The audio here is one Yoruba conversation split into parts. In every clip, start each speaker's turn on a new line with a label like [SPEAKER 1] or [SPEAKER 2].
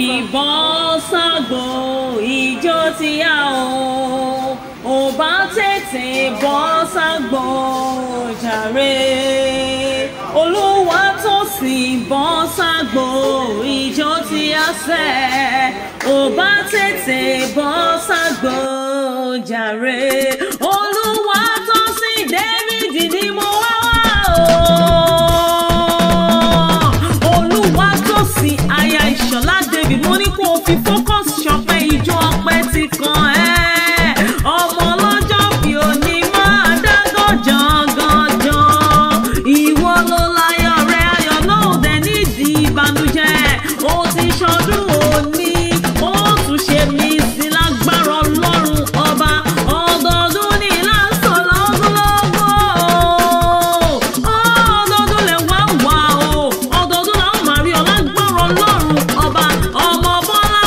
[SPEAKER 1] fìbọn ságbó ìjó ti yá o ò bá tètè bọ́ ságbó jàre olúwa tó sì bọ́ ságbó ìjó ti yá sẹ́ ò bá tètè bọ́ ságbó jàre. ó ti ṣọdún òní ó tún ṣe mí sí lágbára ọlọ́run ọba ọdọọdún ní lásán lọ́gọ́lọ́gọ́ ọdọọdún lè o ọdọọdún làwọn máa rí ọ lágbára ọlọ́run ọba ọmọ bọ́lá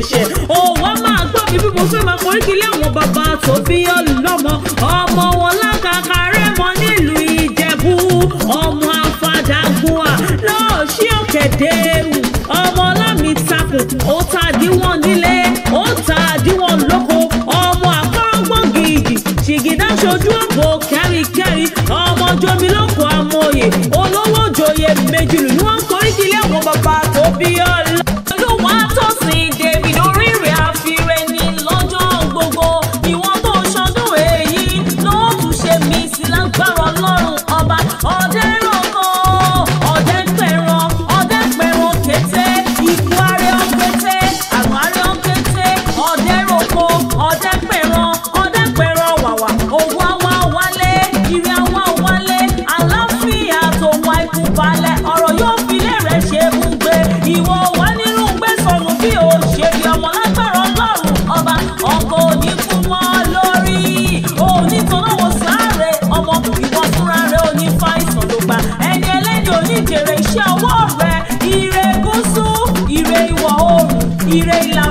[SPEAKER 1] ṣẹ̀ṣẹ̀ ó wá máa gbọ́ mi bí mo fẹ́ máa foríkì lé àwọn bàbá tó bí ọlọ́mọ ọmọ wọn lákàkà rẹ́mọ nílùú Ìjẹ̀bú ọmọ afadàgùnà náà ṣí ọ̀kẹ́dẹ́ ọmọ lámì takùn ó ta díwọ̀n nílé ó ta díwọ̀n lóko ọmọ àkọ́rọ́gbọ́n gidi ṣìgìdá ṣojú ògbó kẹ́ríkẹ́rí ọmọ jomi lóko amòye olówó joyè méjìlú ni wọ́n ń foríkì àwọn bàbá tó bí ọlọ́mọ. tí o ṣe bí ọmọ lágbára ọlọ́run ọba ọkọ̀ òní kú mọ́ lórí òní tọ́lọ́wọ́ sáré ọmọ ìwọ fúnra rẹ òní fàìsàn ló gbà ẹni ẹlẹ́ni òní jèrè iṣẹ́ ọwọ́ ire ìlà